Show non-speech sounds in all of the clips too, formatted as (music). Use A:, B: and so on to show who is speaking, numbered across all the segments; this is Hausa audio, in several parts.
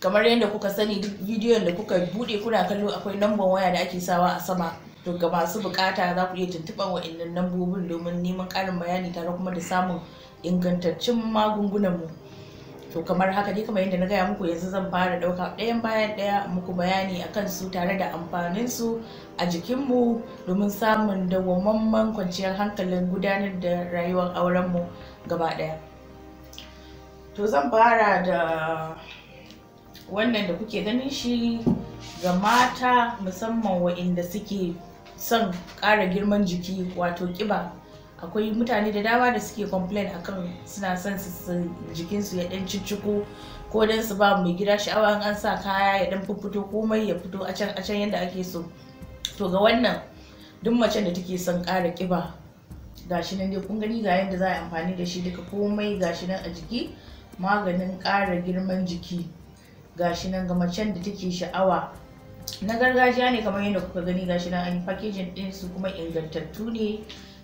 A: kamar yadda kuka sani duk bidiyon da kuka bude kuna kallo akwai lambar waya da ake sawa a sama to ga masu bukata za ku iya tuntuɓar wa'annan lambobin domin neman ƙarin bayani tare kuma da samun ingantaccen magungunan mu to kamar haka dai kamar yadda na gaya muku yanzu zan fara ɗauka ɗayan bayan ɗaya muku bayani akan su tare da amfanin su a jikin mu domin samun dawwamamman kwanciyar hankalin gudanar da rayuwar auren mu gaba ɗaya to zan fara da wannan da kuke ganin shi ga mata musamman wa'inda suke son ƙara girman jiki wato ƙiba akwai mutane da dama da suke complain akan suna son su jikinsu ya ɗan cicciko ko dan su ba mai gida sha'awa an sa kaya ya ɗan fito komai ya fito a can a can yadda ake so to ga wannan duk macen da take son ƙara ƙiba gashi nan dai kun gani ga yadda za a amfani da shi duka komai gashi nan a jiki maganin ƙara girman jiki gashi nan ga macen da take sha'awa na gargajiya ne kamar yadda kuka gani gashi nan an yi packaging din su kuma ingantattu ne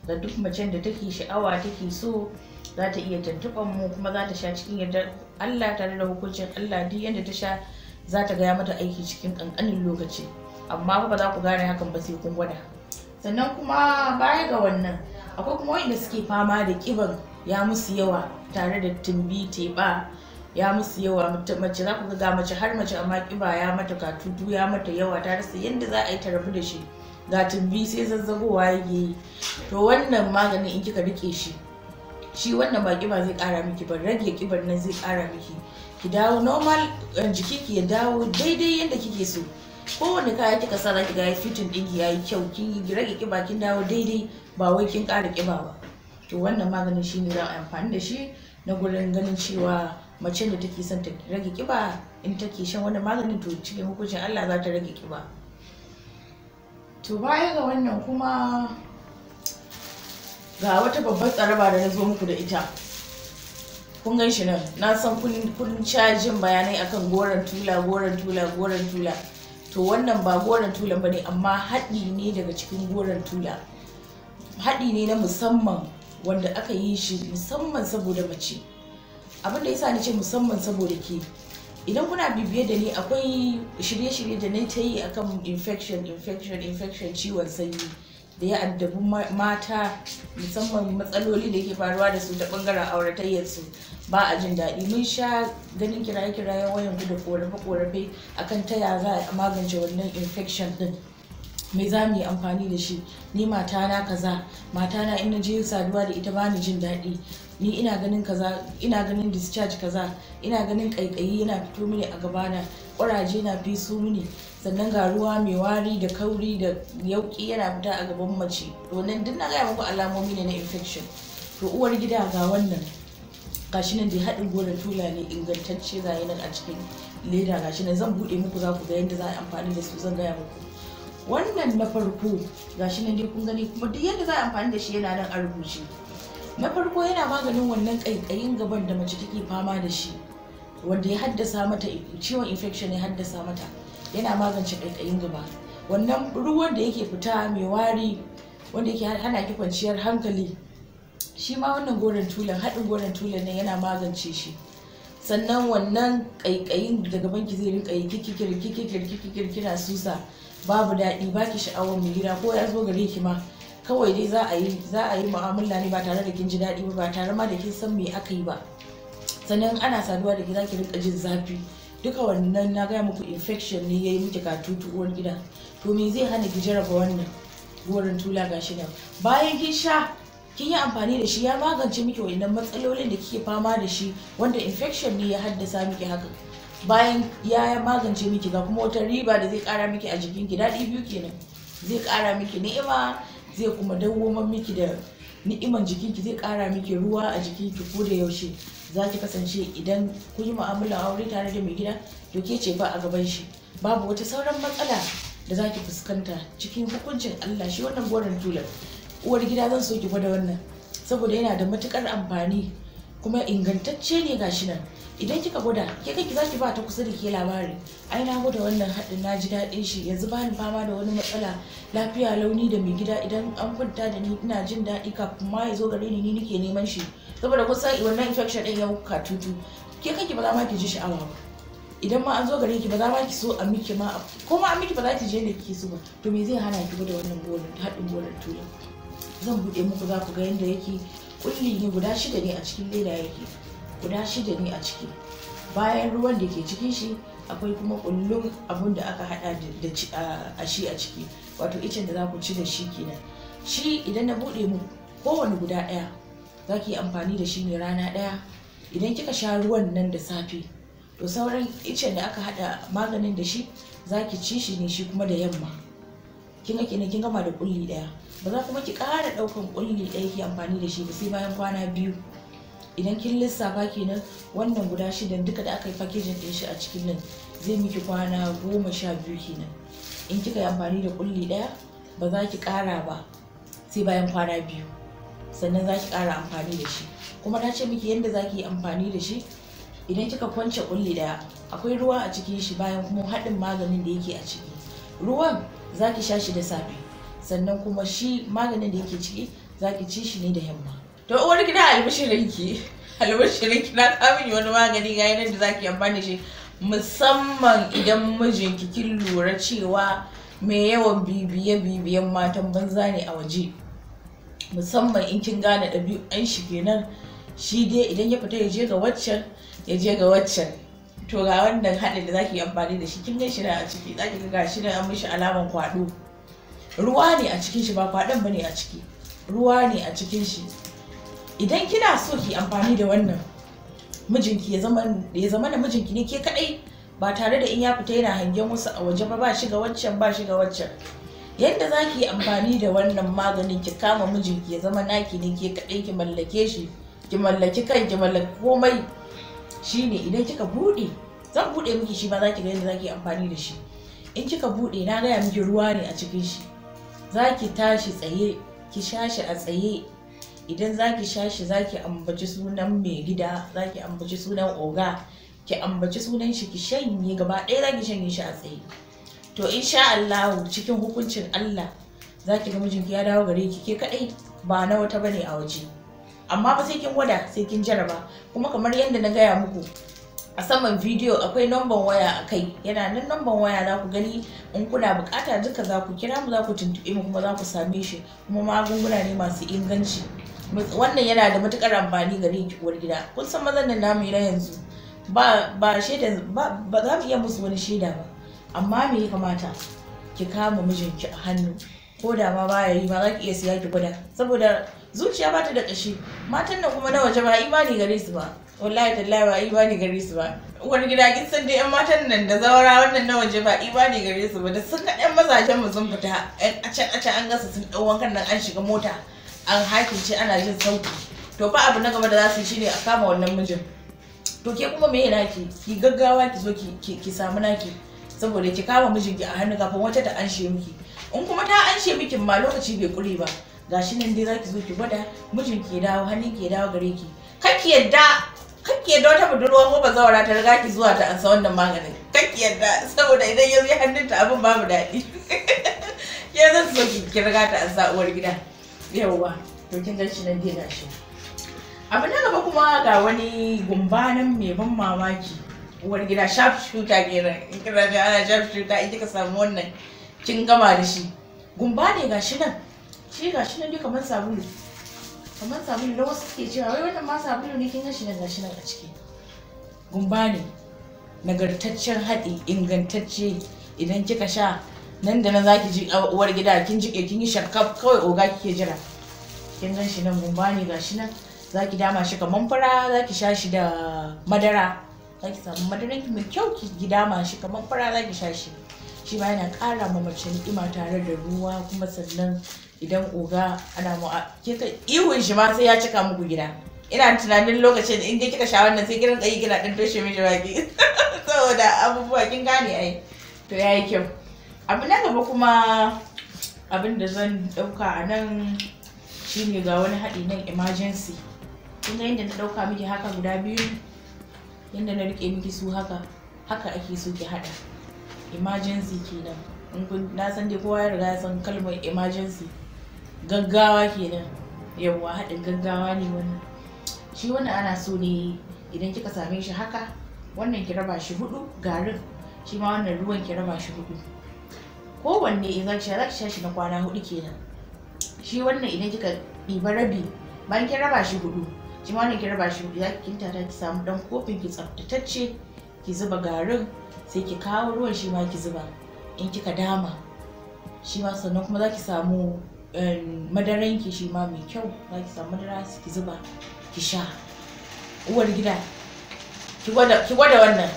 A: ga duk macen da take sha'awa take so za ta iya tuntuɓar mu kuma za ta sha cikin yadda Allah tare da hukuncin Allah duk yadda ta sha za ta gaya mata aiki cikin ƙanƙanin lokaci amma ba za ku gane hakan ba sai kun gwada sannan kuma baya ga wannan akwai kuma wanda suke fama da ƙiban ya musu yawa tare da tumbi teɓa ya musu yawa mace za ku ga mace har mace amma kiba ya mata katutu ya mata yawa ta rasa yadda za a yi ta rabu da shi ga tumbi sai zazzagowa yake yi to wannan maganin in kika rike shi shi wannan ba kiba zai kara miki ba rage kibar nan zai kara miki ki dawo normal eh, jiki ki ya dawo daidai yadda kike so kowane kaya kika sa zaki ga fitin ki yayi kyau kin rage kiba kin dawo daidai ba wai kin kara kiba ba to wannan maganin shine za a amfani da shi na gurin ganin cewa mace da take son ta rage kiba in take shan wannan maganin to cikin hukuncin Allah za ta rage kiba to baya ga wannan kuma ga wata babbar tsaraba da na zo muku da ita kun gan shi nan na san kun cajin bayanai akan goron tula goran tula goran tula to wannan ba goron tula ba ne amma haɗi ne daga cikin goron tula haɗi ne na musamman wanda aka yi shi musamman saboda mace abin da yasa ni ce musamman saboda ke idan kuna bibiye da ni akwai shirye-shirye da na ta yi akan infection infection infection ciwon sanyi da ya addabi mata musamman matsaloli da ke faruwa da su ta bangaren su ba a jin daɗi mun sha ganin kiraye-kiraye wayan da korafe-korafe akan ta ya za a magance wannan infection din me za mu yi amfani da shi ni matana kaza matana in na je saduwa da ita bani jin daɗi ni ina ganin kaza ina ganin discharge kaza ina ganin kaikayi yana fito mini a gabana ƙuraje na fiso mini sannan ga ruwa mai wari da kauri da yauki yana fita a gaban mace to nan duk na gaya muku alamomi ne na infection to uwar gida ga wannan gashi nan dai haɗin gona tula ne ingantacce ga nan a cikin leda gashi nan zan buɗe muku za ku ga yadda za a yi amfani da su zan gaya muku wannan na farko gashi nan dai kun gani kuma duk yadda za a amfani da shi yana nan a rubuce na farko yana maganin wannan ƙaiƙayin gaban da mace take fama da shi wanda ya haddasa mata ciwon infection ya haddasa mata yana magance ƙaiƙayin gaba wannan ruwan da yake fita mai wari wanda yake hana ki kwanciyar hankali shi ma wannan goron tulan haɗin goron tulan nan yana magance shi sannan wannan ƙaiƙayin da gaban ki zai rinka yi kikikir kikikir kikikir kina susa babu daɗi baki sha'awar mai gida ko ya zo gare ki ma kawai dai za a yi za a yi mu'amala ne ba tare da kin ji daɗi ba ba tare ma da kin san me aka yi ba sannan ana saduwa da gida ki rika jin zafi duka wannan na gaya muku infection ne ya yi miki katutu uwar gida to me zai hana ki jarraba wannan gorin tula gashi nan bayan kin sha kin yi amfani da shi ya magance miki wannan matsalolin da kike fama da shi wanda infection ne ya haddasa miki haka bayan ya magance miki ga kuma wata riba da zai kara miki a jikin ki daɗi biyu kenan zai kara miki ni'ima zai kuma dawwamar miki da ni'iman jikinki zai kara miki ruwa a jikinki ko da yaushe za ki kasance idan kun yi mu'amalar aure tare da mai gida to ke ce ba a gaban shi babu wata sauran matsala da za ki fuskanta cikin hukuncin Allah shi wannan goron Tula. uwar gida zan so ki gwada wannan saboda yana da matukar amfani kuma ingantacce ne gashi nan idan kika gwada ke kanki zaki ba ta kusa da ke labari ai na gwada wannan haɗin na ji daɗin shi yanzu ba ni fama da wani matsala lafiya launi da mai gida idan an kwanta da ni ina jin daɗi kafin ma ya zo gare ni ni nake neman shi saboda kun san wannan infection ɗin ya ka tutu ke kanki ba za ma ki ji sha'awa ba idan ma an zo gare ki ba za ma ki so a miki ma ko ma a miki ba za ki je da kike so ba to me zai hana ki gwada wannan bolin haɗin bolin zan buɗe muku za ku ga yadda yake kulli ne guda shida ne a cikin leda yake guda shida ne a ciki bayan ruwan da ke cikin shi akwai kuma kullum abun da aka hada da shi a ciki wato icen da za ku ci da shi kenan shi idan na bude mu kowane guda daya za ki yi amfani da shi ne rana daya idan kika sha ruwan nan da safe to sauran icen da aka hada maganin da shi za ki ci shi ne shi kuma da yamma kin ga kin gama da kulli daya ba za kuma ki kara daukan kulli daya ki amfani da shi ba sai bayan kwana biyu idan kin lissafa kenan wannan guda shidan duka da aka yi fakijin din shi a cikin nan zai miki kwana goma sha biyu kenan in kika yi amfani da kulli ɗaya ba za ki kara ba sai bayan kwana biyu sannan za ki kara amfani da shi kuma na ce miki yadda za ki yi amfani da shi idan kika kwance kulli ɗaya akwai ruwa a cikin shi bayan kuma haɗin maganin da yake a ciki ruwan za ki sha shi da safe sannan kuma shi maganin da yake ciki za ki ci shi ne da yamma to uwar gida albishirinki albishirinki na kamin wani magani ga yanar da zaki amfani shi musamman idan mijinki kin lura cewa mai yawan bibiye bibiyen matan banza ne a waje musamman in kin gane ɗabi'un shi kenan shi dai idan ya fita ya je ga waccan ya je ga waccan to ga wannan haɗin da zaki amfani da shi kin gan shi na a ciki zaki ga shi na an mishi alaman kwaɗo ruwa ne a cikin shi ba kwaɗon bane a ciki ruwa ne a cikin shi idan kina so ki amfani da wannan mijinki ya zama ya zama da mijinki ne ke kadai ba tare da in ya fita yana hangen wasu a waje ba ba shi ga waccan ba shi ga waccan yadda za ki yi amfani da wannan maganin ki kama mijinki ya zama naki ne ke kadai ki mallake shi ki mallaki kan ki mallaki komai shine idan kika bude zan bude miki shi ba za ki ga yadda za ki yi amfani da shi in kika bude na gaya miki ruwa ne a cikin shi za ki tashi tsaye ki sha shi a tsaye idan zaki sha shi zaki ambaci sunan mai gida zaki ambaci sunan oga ki ambaci sunan shi ki shanye gaba ɗaya zaki shanye shi a tsaye to insha Allah cikin hukuncin Allah zaki ga mijinki ya dawo gare ki ke kaɗai? ba na wata bane a waje amma ba sai kin gwada sai kin jaraba kuma kamar yadda na gaya muku a saman bidiyo akwai namban waya a kai yana nan namban waya za ku gani in kuna bukata duka za ku kira mu za ku tuntuɓe mu kuma za ku same shi kuma magunguna ne masu inganci wannan yana da matukar amfani gare ki uwar gida kun san mazan nan namu na yanzu ba ba shaida ba za mu iya musu wani shaida ba amma me ya kamata ki kama mijinki a hannu ko da ma baya yi ma za ki iya siya ki gwada saboda zuciya ba ta da ƙashi matan nan kuma na waje ba imani gare su ba wallahi tallahi ba ibani gare su ba wani gida kin san dai yan matan nan da zawara wannan na waje ba ibani gare su ba da sun ka ɗan mazajen mu sun fita 'yan acan acan an gasa sun ɗau wankan nan an shiga mota an ce ana jin sauki to fa abu na gaba da za su yi shine a kama wannan mijin to ke kuma me yana ki gaggawa ki zo ki samu naki saboda ki kama mijinki a hannu kafin wata ta anshe miki in kuma ta anshe miki ma lokaci bai kure ba gashi nan dai zaki zo ki gwada mijin ke dawo hannun ki dawo gare ki kar ki yadda kakki yadda wata budurwa ko ba zawara ta riga ki zuwa ta ansa wannan maganin kake yadda saboda idan ya zo hannunta abin babu daɗi (laughs) ya zan so ki riga ta ansa uwar gida yawwa to kin ganshi nan dai gashi abin na gaba kuma ga wani gumbanin mai ban mamaki uwar gida sharp shooter kenan in kira ji ana sharp shooter in kika samu wannan kin gama da shi gumba ne gashi nan shi gashi nan dai kamar sabulu kamar sabulu da wasu suke cewa wai wannan ma sabulu ne kin ga shi nan gashi nan a ciki gumba ne nagartaccen haɗi ingantacce idan kika sha nan da nan zaki ji uwar gida kin jike kin yi shakkaf kawai oga kike jira kin gan shi nan gumba ne gashi nan zaki dama shi kaman fara zaki sha shi da madara zaki samu madaran ki mai kyau ki gida ma shi kaman fara zaki sha shi shi ma yana kara ma mace ni'ima tare da ruwa kuma sannan idan oga ana mu kika ihun shi ma sai ya cika muku gida ina tunanin lokacin in dai kika sha wannan sai kiran ɗaya kina ɗan toshe mai baki (laughs) saboda abubuwa kin gane ai to yayi kyau abu na gaba kuma abin da zan dauka a nan shine ga wani haɗi nan emergency kun ga yadda na dauka miki haka guda biyu yadda na rike miki su haka haka ake so ki haɗa emergency kenan na san dai kowa ya riga ya san kalmar emergency gaggawa kenan yawwa haɗin gaggawa ne wannan shi wannan ana so ne idan kika same shi haka wannan ki raba shi hudu garin shi ma wannan ruwan ki raba shi hudu kowanne idan ki sha sha shi na kwana hudu kenan shi wannan idan kika ɗiba rabi bayan kin raba shi hudu shi ma wannan ki raba shi hudu za ki kinta ta ki samu dan kofin ki tsaftatacce ki zuba garin sai ki kawo ruwan shi ma ki zuba in kika dama shi ma sannan kuma za ki samu eh, madaran ki shi ma mai kyau za ki samu madara su ki zuba ki sha uwar gida ki gwada wannan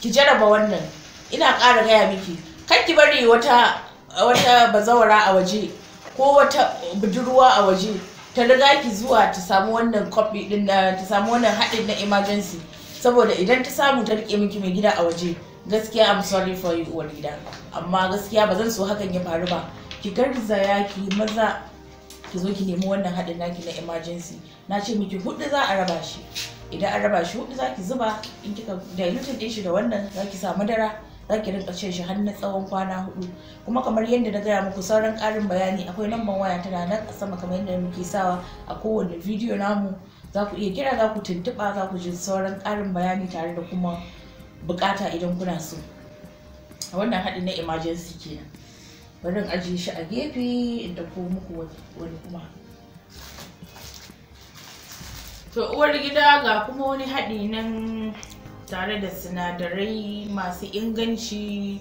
A: ki jaraba wannan ina ƙara gaya miki kan ki bari wata wata bazawara a waje ko wata budurwa a waje ta riga ki zuwa ta samu wannan din eh, ta samu wannan haɗin na emergency saboda idan ta samu ta rike miki mai gida a waje gaskiya I'm sorry for you uwar gida amma gaskiya ba zan so hakan ya faru ba ki ya ki maza ki zo ki nemi wannan haɗin naki na emergency na ce miki hudu za a raba shi idan an raba shi hudu za ki zuba in kika dilutin din shi da wannan za ki sa madara za ki rinka cin shi har na tsawon kwana hudu kuma kamar yadda na gaya muku sauran ƙarin bayani akwai lambar waya tana nan a sama kamar yadda muke sawa a kowane bidiyo namu za ku iya kira za ku tuntuɓa za ku ji sauran ƙarin bayani tare da kuma buƙata idan kuna so wannan haɗi na emergency kenan bari ajiye shi a gefe da ko muku wani kuma to uwar gida ga kuma wani haɗi nan tare da sinadarai masu inganci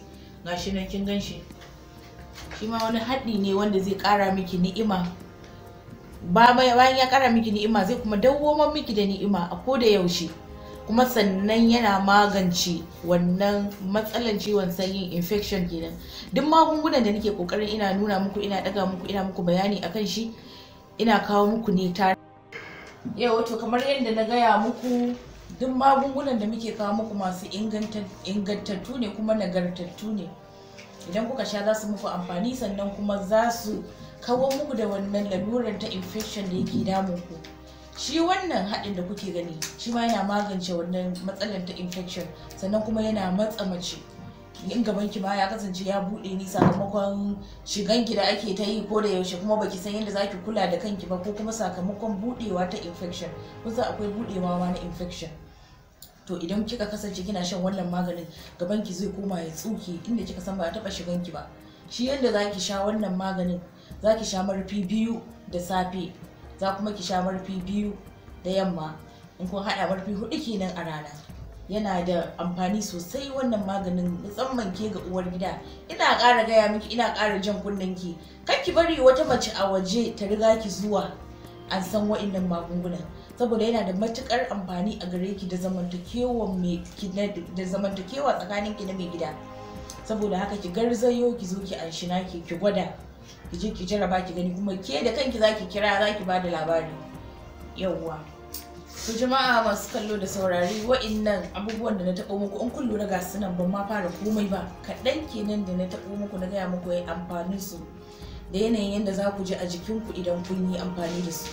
A: shi nan kin ganshi shi ma wani haɗi ne wanda zai ƙara miki ni'ima bayan ya kara miki ni'ima zai kuma dawo man miki da ni'ima a ko da yaushe kuma sannan yana magance wannan matsalar ciwon sanyin infection kenan duk magungunan da nake kokarin ina nuna muku ina daga muku ina muku bayani akan shi ina kawo muku ne tare yau wato kamar yadda na gaya muku duk magungunan da muke kawo muku masu ingantattu ne kuma nagartattu ne idan kuka sha za su muku amfani sannan kuma za su kawo muku da wannan lalurar ta infection da yake damun ku shi wannan haɗin da kuke gani shi ma yana magance wannan matsalar ta infection sannan kuma yana matsa mace in gaban ki ma ya kasance ya buɗe ni sakamakon shigan ki da ake ta yi ko da yaushe kuma baki san yadda zaki kula da kanki ba ko kuma sakamakon buɗewa ta infection kusa akwai buɗewa ma na infection to idan kika kasance kina shan wannan maganin gaban ki zai koma ya tsuke inda kika san ba a taɓa shigan ki ba shi yadda zaki sha wannan maganin za ki sha marfi biyu da safe za kuma ki sha marfi biyu da yamma in kun haɗa marfi hudu kenan a rana yana da amfani sosai wannan maganin musamman ke ga uwar gida ina ƙara gaya miki ina ƙara jan kunnen ki kar ki bari wata mace a waje ta riga ki zuwa an san wa'innan magungunan saboda yana da matukar amfani a gare ki da zamantakewa tsakanin ki na mai gida saboda haka ki garzayo ki zo ki anshi naki ki gwada ki je ki jaraba ki gani kuma ke da kanki zaki kira zaki ba da labari yawwa to jama'a masu kallo da saurari wa'innan abubuwan da na taɓo muku in kun lura ga sunan ban ma fara komai ba kaɗan kenan da na taɓo muku na gaya muku ya amfanin su da yanayin yadda za ku ji a jikinku idan kun yi amfani da su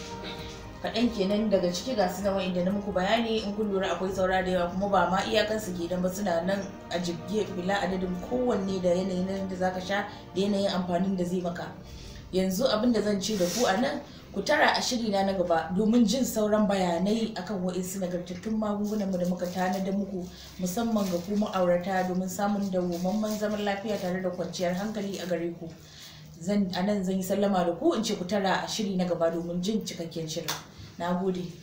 A: kaɗan kenan daga ciki ga suna wa'inda na muku bayani in kun lura akwai saura da yawa kuma ba ma iyakan su gidan ba suna nan a jibge bila adadin kowanne da yanayin nan da zaka sha da yanayin amfanin da zai maka yanzu abin da zan ce da ku a nan ku tara a shiri na gaba domin jin sauran bayanai akan wa'insu nagartattun magungunan mu da muka tanada muku musamman ga ku ma'aurata domin samun dawwamamman zaman lafiya tare da kwanciyar hankali a gare ku a nan zan yi sallama da ku in ce ku tara a shiri na gaba domin jin cikakken shirin na gode